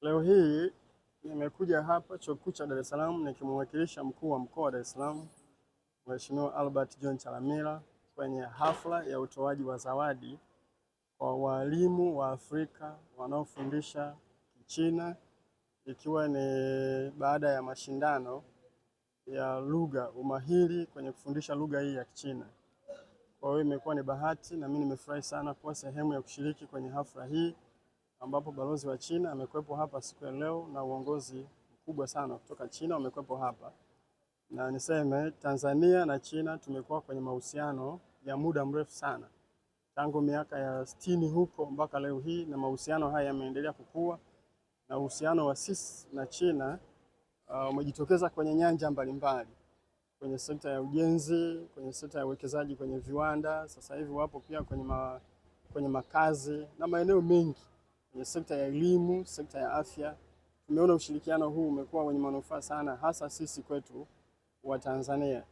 Leo hii nimekuja hapa Chuo Kikuu cha Dar es Salaam nikimwakilisha mkuu wa mkoa wa Dar es Salaam Mheshimiwa Albert John Chalamila kwenye hafla ya utoaji wa zawadi kwa walimu wa Afrika wanaofundisha Kichina ikiwa ni baada ya mashindano ya lugha, umahiri kwenye kufundisha lugha hii ya Kichina. Kwa hiyo imekuwa ni bahati na mimi nimefurahi sana kuwa sehemu ya kushiriki kwenye hafla hii ambapo balozi wa China amekwepo hapa siku ya leo na uongozi mkubwa sana kutoka China wamekwepo hapa, na niseme Tanzania na China tumekuwa kwenye mahusiano ya muda mrefu sana tangu miaka ya sitini huko mpaka leo hii, na mahusiano haya yameendelea kukua na uhusiano wa sisi na China uh, umejitokeza uh, kwenye nyanja mbalimbali kwenye sekta ya ujenzi, kwenye sekta ya uwekezaji kwenye viwanda, sasa hivi wapo pia kwenye, ma, kwenye makazi na maeneo mengi kwenye sekta ya elimu, sekta ya afya. Tumeona ushirikiano huu umekuwa wenye manufaa sana, hasa sisi kwetu wa Tanzania,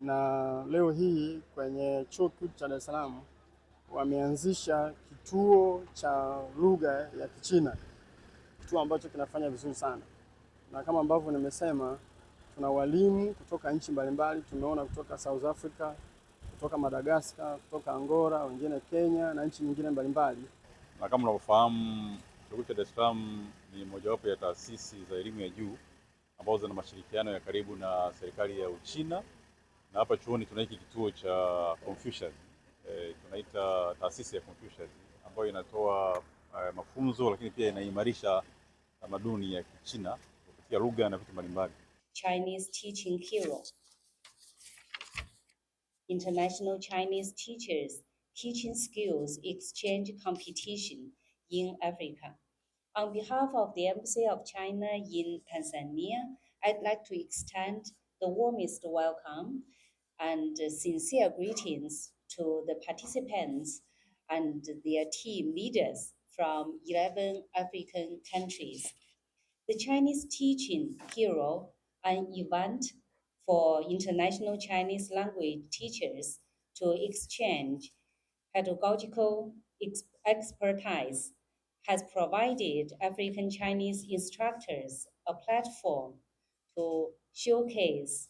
na leo hii kwenye chuo kikuu cha Dar es Salaam wameanzisha kituo cha lugha ya Kichina, kituo ambacho kinafanya vizuri sana, na kama ambavyo nimesema, tuna walimu kutoka nchi mbalimbali. Tumeona kutoka South Africa, kutoka Madagascar, kutoka Angola, wengine Kenya na nchi nyingine mbalimbali na kama unavyofahamu Chuo Kikuu cha Dar es Salaam ni mojawapo ya taasisi za elimu ya juu ambazo zina mashirikiano ya karibu na serikali ya Uchina, na hapa chuoni tuna hiki kituo cha Confucius e, tunaita taasisi ya Confucius ambayo inatoa e, mafunzo lakini pia inaimarisha tamaduni ya Kichina kupitia lugha na vitu mbalimbali. Chinese Teaching Hero. International Chinese Teachers Teaching skills exchange competition in Africa. On behalf of the Embassy of China in Tanzania, I'd like to extend the warmest welcome and sincere greetings to the participants and their team leaders from 11 African countries. The Chinese Teaching Hero, an event for international Chinese language teachers to exchange pedagogical expertise has provided African Chinese instructors a platform to showcase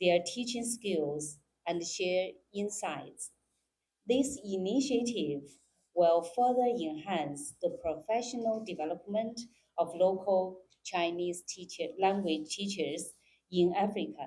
their teaching skills and share insights. This initiative will further enhance the professional development of local Chinese teacher, language teachers in Africa.